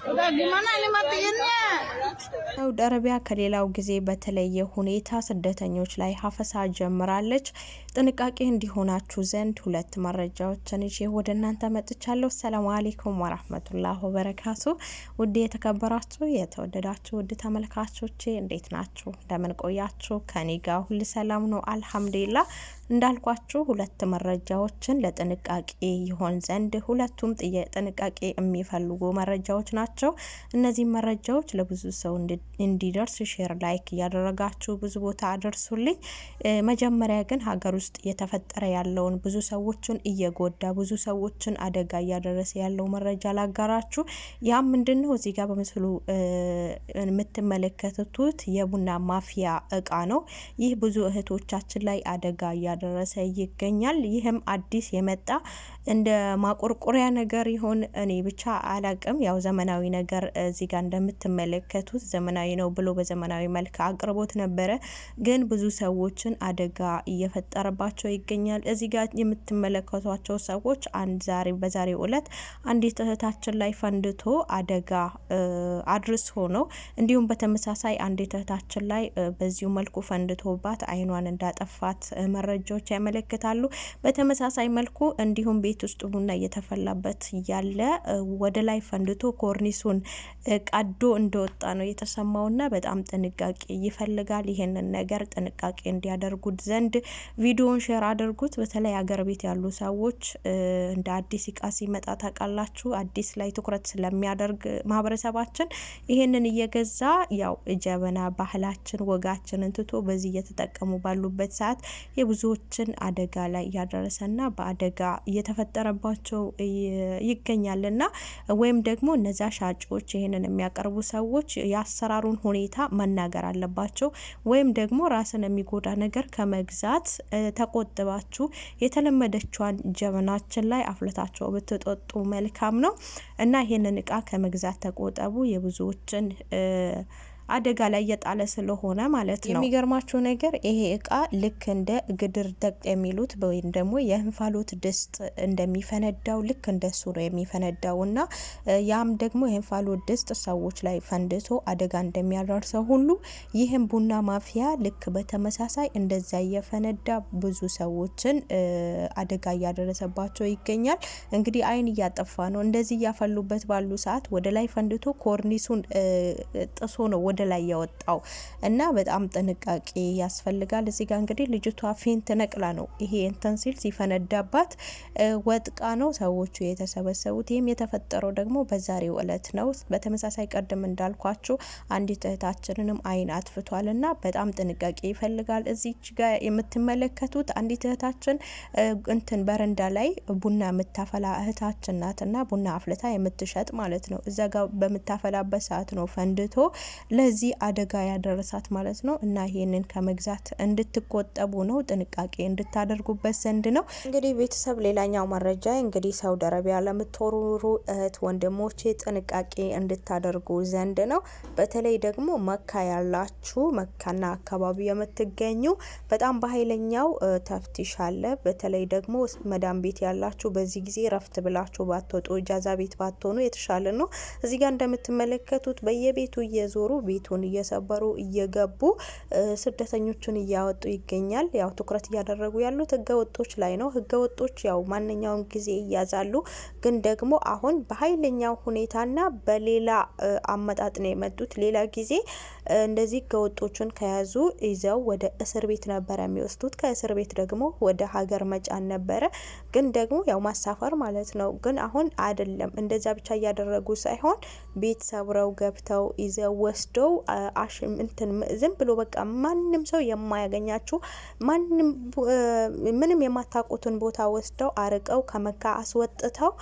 Udah, gimana ini matiinnya? ሳውዲ አረቢያ ከሌላው ጊዜ በተለየ ሁኔታ ስደተኞች ላይ ሀፈሳ ጀምራለች። ጥንቃቄ እንዲሆናችሁ ዘንድ ሁለት መረጃዎችን ይዤ ወደ እናንተ መጥቻለሁ። ሰላም አሌይኩም ወራህመቱላህ ወበረካቱ። ውድ የተከበራችሁ የተወደዳችሁ ውድ ተመልካቾቼ እንዴት ናችሁ? እንደምን ቆያችሁ? ከኔ ጋር ሁል ሰላም ነው አልሐምዱሊላ። እንዳልኳችሁ ሁለት መረጃዎችን ለጥንቃቄ ይሆን ዘንድ ሁለቱም ጥንቃቄ የሚፈልጉ መረጃዎች ናቸው። እነዚህ መረጃዎች ለብዙ ሰው እንዲደርስ ሼር ላይክ እያደረጋችሁ ብዙ ቦታ አደርሱልኝ። መጀመሪያ ግን ሀገር ውስጥ እየተፈጠረ ያለውን ብዙ ሰዎችን እየጎዳ ብዙ ሰዎችን አደጋ እያደረሰ ያለው መረጃ ላጋራችሁ። ያ ምንድን ነው? እዚህ ጋር በምስሉ የምትመለከቱት የቡና ማፍያ እቃ ነው። ይህ ብዙ እህቶቻችን ላይ አደጋ እያደረሰ ይገኛል። ይህም አዲስ የመጣ እንደ ማቆርቆሪያ ነገር ይሆን እኔ ብቻ አላቅም። ያው ዘመናዊ ነገር እዚህ ጋር እንደምትመለ ሲመለከቱት ዘመናዊ ነው ብሎ በዘመናዊ መልክ አቅርቦት ነበረ፣ ግን ብዙ ሰዎችን አደጋ እየፈጠረባቸው ይገኛል። እዚህ ጋር የምትመለከቷቸው ሰዎች አንድ ዛሬ በዛሬው ዕለት አንዲት እህታችን ላይ ፈንድቶ አደጋ አድርስ ሆኖ እንዲሁም በተመሳሳይ አንዲት እህታችን ላይ በዚሁ መልኩ ፈንድቶባት አይኗን እንዳጠፋት መረጃዎች ያመለክታሉ። በተመሳሳይ መልኩ እንዲሁም ቤት ውስጥ ቡና እየተፈላበት ያለ ወደ ላይ ፈንድቶ ኮርኒሱን ቀዶ እንደወጣ ነው የተሰማውና በጣም ጥንቃቄ ይፈልጋል። ይህንን ነገር ጥንቃቄ እንዲያደርጉት ዘንድ ቪዲዮን ሼር አድርጉት። በተለይ አገር ቤት ያሉ ሰዎች እንደ አዲስ እቃ ሲመጣ ታውቃላችሁ፣ አዲስ ላይ ትኩረት ስለሚያደርግ ማህበረሰባችን ይህንን እየገዛ ያው ጀበና ባህላችን ወጋችንን ትቶ በዚህ እየተጠቀሙ ባሉበት ሰዓት የብዙዎችን አደጋ ላይ እያደረሰና በአደጋ እየተፈጠረባቸው ይገኛልና ወይም ደግሞ እነዚያ ሻጮች ይህንን የሚያቀርቡ ሰው ሰዎች የአሰራሩን ሁኔታ መናገር አለባቸው። ወይም ደግሞ ራስን የሚጎዳ ነገር ከመግዛት ተቆጥባችሁ የተለመደችዋን ጀበናችን ላይ አፍለታቸው ብትጠጡ መልካም ነው እና ይሄንን እቃ ከመግዛት ተቆጠቡ። የብዙዎችን አደጋ ላይ የጣለ ስለሆነ ማለት ነው። የሚገርማችሁ ነገር ይሄ እቃ ልክ እንደ ግድር ደቅ የሚሉት ወይም ደግሞ የእንፋሎት ድስት እንደሚፈነዳው ልክ እንደሱ ነው የሚፈነዳው እና ያም ደግሞ የእንፋሎት ድስት ሰዎች ላይ ፈንድቶ አደጋ እንደሚያደርሰው ሁሉ ይህም ቡና ማፍያ ልክ በተመሳሳይ እንደዛ እየፈነዳ ብዙ ሰዎችን አደጋ እያደረሰባቸው ይገኛል። እንግዲህ አይን እያጠፋ ነው። እንደዚህ እያፈሉበት ባሉ ሰዓት ወደ ላይ ፈንድቶ ኮርኒሱን ጥሶ ነው ወደ ወደ ላይ ያወጣው እና በጣም ጥንቃቄ ያስፈልጋል። እዚህ ጋር እንግዲህ ልጅቷ ፌንት ነቅላ ነው ይሄ እንትን ሲል ሲፈነዳባት ወጥቃ ነው ሰዎቹ የተሰበሰቡት። ይህም የተፈጠረው ደግሞ በዛሬው እለት ነው። በተመሳሳይ ቀደም እንዳልኳችሁ አንዲት እህታችንንም አይን አትፍቷል እና በጣም ጥንቃቄ ይፈልጋል። እዚች ጋር የምትመለከቱት አንዲት እህታችን እንትን በረንዳ ላይ ቡና የምታፈላ እህታችን ናት እና ቡና አፍልታ የምትሸጥ ማለት ነው። እዛ ጋር በምታፈላበት ሰዓት ነው ፈንድቶ ለዚህ አደጋ ያደረሳት ማለት ነው። እና ይህንን ከመግዛት እንድትቆጠቡ ነው፣ ጥንቃቄ እንድታደርጉበት ዘንድ ነው። እንግዲህ ቤተሰብ፣ ሌላኛው መረጃ እንግዲህ ሳውዲ አረቢያ ለምትኖሩ እህት ወንድሞቼ ጥንቃቄ እንድታደርጉ ዘንድ ነው። በተለይ ደግሞ መካ ያላችሁ መካና አካባቢ የምትገኙ በጣም በኃይለኛው ተፍትሽ አለ። በተለይ ደግሞ መዳም ቤት ያላችሁ በዚህ ጊዜ ረፍት ብላችሁ ባትወጡ፣ እጃዛ ቤት ባትሆኑ የተሻለ ነው። እዚህ ጋር እንደምትመለከቱት በየቤቱ እየዞሩ ቤቱን እየሰበሩ እየገቡ ስደተኞቹን እያወጡ ይገኛል። ያው ትኩረት እያደረጉ ያሉት ህገ ወጦች ላይ ነው። ህገ ወጦች ያው ማንኛውም ጊዜ ይያዛሉ። ግን ደግሞ አሁን በኃይለኛው ሁኔታና በሌላ አመጣጥ ነው የመጡት ሌላ ጊዜ እንደዚህ ህገወጦቹን ከያዙ ይዘው ወደ እስር ቤት ነበረ የሚወስዱት። ከእስር ቤት ደግሞ ወደ ሀገር መጫን ነበረ። ግን ደግሞ ያው ማሳፈር ማለት ነው። ግን አሁን አይደለም እንደዛ ብቻ እያደረጉ ሳይሆን ቤት ሰብረው ገብተው ይዘው ወስደው እንትን ዝም ብሎ በቃ ማንም ሰው የማያገኛችሁ ማንም ምንም የማታውቁትን ቦታ ወስደው አርቀው ከመካ አስወጥተው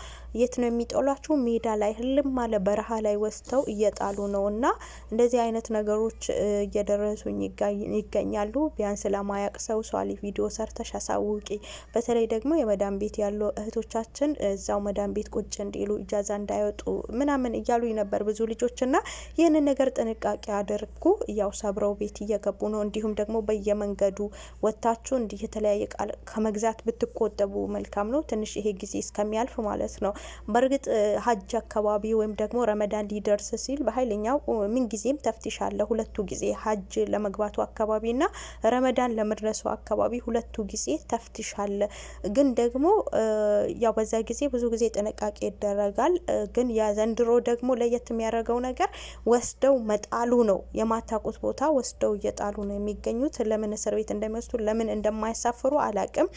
የት ነው የሚጠሏችሁ? ሜዳ ላይ ህልም አለ በረሃ ላይ ወስደው እየጣሉ ነው እና እንደዚህ አይነት ነገሩ ነገሮች እየደረሱኝ ይገኛሉ። ቢያንስ ለማያቅ ሰው ሷሊ ቪዲዮ ሰርተሽ አሳውቂ። በተለይ ደግሞ የመዳን ቤት ያሉ እህቶቻችን እዛው መዳን ቤት ቁጭ እንዲሉ እጃዛ እንዳይወጡ ምናምን እያሉ ነበር ብዙ ልጆች እና ይህንን ነገር ጥንቃቄ አድርጉ። ያው ሰብረው ቤት እየገቡ ነው። እንዲሁም ደግሞ በየመንገዱ ወጥታችሁ እንዲህ የተለያየ ቃል ከመግዛት ብትቆጠቡ መልካም ነው። ትንሽ ይሄ ጊዜ እስከሚያልፍ ማለት ነው። በእርግጥ ሀጅ አካባቢ ወይም ደግሞ ረመዳን ሊደርስ ሲል በኃይለኛው ምንጊዜም ተፍትሻለ ለሁለቱ ጊዜ ሀጅ ለመግባቱ ና ረመዳን ለመድረሱ አካባቢ ሁለቱ ጊዜ ተፍትሽ አለ። ግን ደግሞ ያው በዛ ጊዜ ብዙ ጊዜ ጥንቃቄ ይደረጋል። ግን የዘንድሮ ደግሞ ለየት የሚያደርገው ነገር ወስደው መጣሉ ነው። የማታቁት ቦታ ወስደው እየጣሉ ነው የሚገኙት። ለምን እስር ቤት እንደሚወስዱ ለምን እንደማያሳፍሩ አላቅም።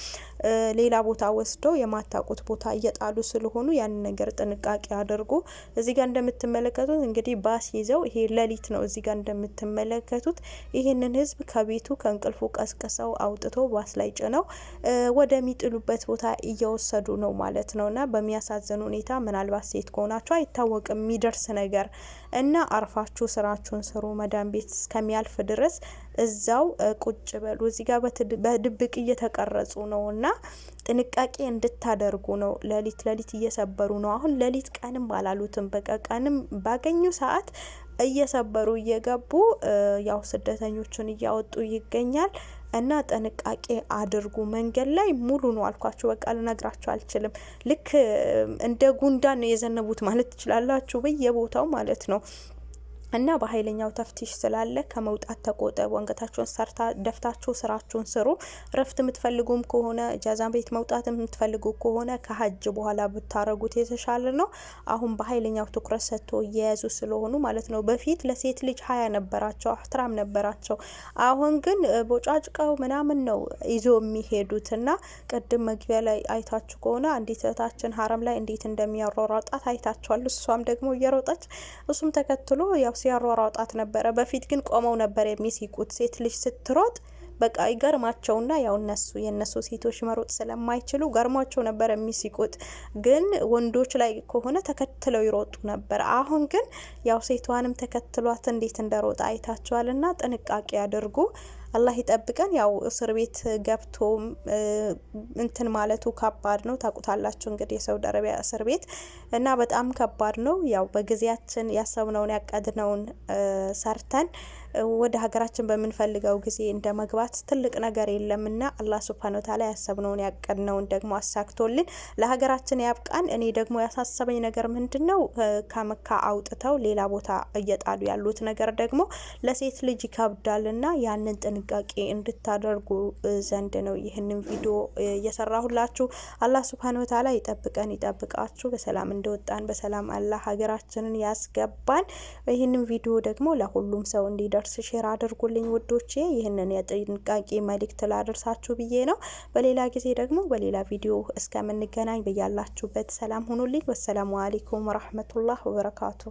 ሌላ ቦታ ወስደው የማታቁት ቦታ እየጣሉ ስለሆኑ ያን ነገር ጥንቃቄ አድርጉ። እዚህ ጋር እንደምትመለከቱት እንግዲህ ባስ ይዘው ይሄ ሌሊት ነው እዚህ ጋር እንደምትመለከቱት ይህንን ህዝብ ከቤቱ ከእንቅልፉ ቀስቅሰው አውጥቶ ባስ ላይ ጭነው ወደሚጥሉበት ቦታ እየወሰዱ ነው ማለት ነው እና በሚያሳዝን ሁኔታ ምናልባት ሴት ከሆናችሁ አይታወቅም የሚደርስ ነገር እና አርፋችሁ ስራችሁን ስሩ። መዳን ቤት እስከሚያልፍ ድረስ እዛው ቁጭ በሉ። እዚህ ጋር በድብቅ እየተቀረጹ ነው እና ጥንቃቄ እንድታደርጉ ነው። ሌሊት ሌሊት እየሰበሩ ነው። አሁን ሌሊት ቀንም አላሉትም በቃ ቀንም ባገኙ ሰዓት እየሰበሩ እየገቡ ያው ስደተኞችን እያወጡ ይገኛል። እና ጥንቃቄ አድርጉ። መንገድ ላይ ሙሉ ነው አልኳችሁ። በቃ ልነግራችሁ አልችልም። ልክ እንደ ጉንዳን ነው የዘነቡት ማለት ትችላላችሁ፣ በየቦታው ማለት ነው። እና በኃይለኛው ተፍቲሽ ስላለ ከመውጣት ተቆጠቡ። አንገታችሁን ሰርታ ደፍታችሁ ስራችሁን ስሩ። እረፍት የምትፈልጉም ከሆነ እጃዛ ቤት መውጣት የምትፈልጉ ከሆነ ከሀጅ በኋላ ብታረጉት የተሻለ ነው። አሁን በኃይለኛው ትኩረት ሰጥቶ እየያዙ ስለሆኑ ማለት ነው። በፊት ለሴት ልጅ ሀያ ነበራቸው፣ አህትራም ነበራቸው። አሁን ግን ቦጫጭቀው ምናምን ነው ይዞ የሚሄዱት እና ቅድም መግቢያ ላይ አይታችሁ ከሆነ አንዲት እህታችን ሀረም ላይ እንዴት እንደሚያሯሯጣት አይታችኋል። እሷም ደግሞ እየሮጠች እሱም ተከትሎ ያው ሲያሯሯጣት ነበረ። በፊት ግን ቆመው ነበር የሚስቁት። ሴት ልጅ ስትሮጥ በቃ ይገርማቸውና ያው እነሱ የእነሱ ሴቶች መሮጥ ስለማይችሉ ገርማቸው ነበር የሚስቁት። ግን ወንዶች ላይ ከሆነ ተከትለው ይሮጡ ነበር። አሁን ግን ያው ሴቷንም ተከትሏት እንዴት እንደሮጣ አይታችኋልና ጥንቃቄ አድርጉ። አላህ ይጠብቀን። ያው እስር ቤት ገብቶ እንትን ማለቱ ከባድ ነው። ታውቁታላችሁ እንግዲህ የሳውዲ አረቢያ እስር ቤት እና በጣም ከባድ ነው። ያው በጊዜያችን ያሰብነውን ያቀድነውን ሰርተን ወደ ሀገራችን በምንፈልገው ጊዜ እንደ መግባት ትልቅ ነገር የለምና አላህ ሱብሃነ ወተዓላ ያሰብነውን ያቀድነውን ደግሞ አሳክቶልን ለሀገራችን ያብቃን። እኔ ደግሞ ያሳሰበኝ ነገር ምንድን ነው ከመካ አውጥተው ሌላ ቦታ እየጣሉ ያሉት ነገር ደግሞ ለሴት ልጅ ይከብዳልና ያንን ጥን ጥንቃቄ እንድታደርጉ ዘንድ ነው ይህንን ቪዲዮ እየሰራሁላችሁ። አላህ ሱብሃነ ወተዓላ ይጠብቀን፣ ይጠብቃችሁ። በሰላም እንደወጣን በሰላም አላህ ሀገራችንን ያስገባን። ይህንን ቪዲዮ ደግሞ ለሁሉም ሰው እንዲደርስ ሼር አድርጉልኝ ውዶቼ። ይህንን የጥንቃቄ መልእክት ላደርሳችሁ ብዬ ነው። በሌላ ጊዜ ደግሞ በሌላ ቪዲዮ እስከምንገናኝ በያላችሁበት ሰላም ሁኑልኝ። ወሰላሙ አሌይኩም ወረህመቱላህ ወበረካቱ።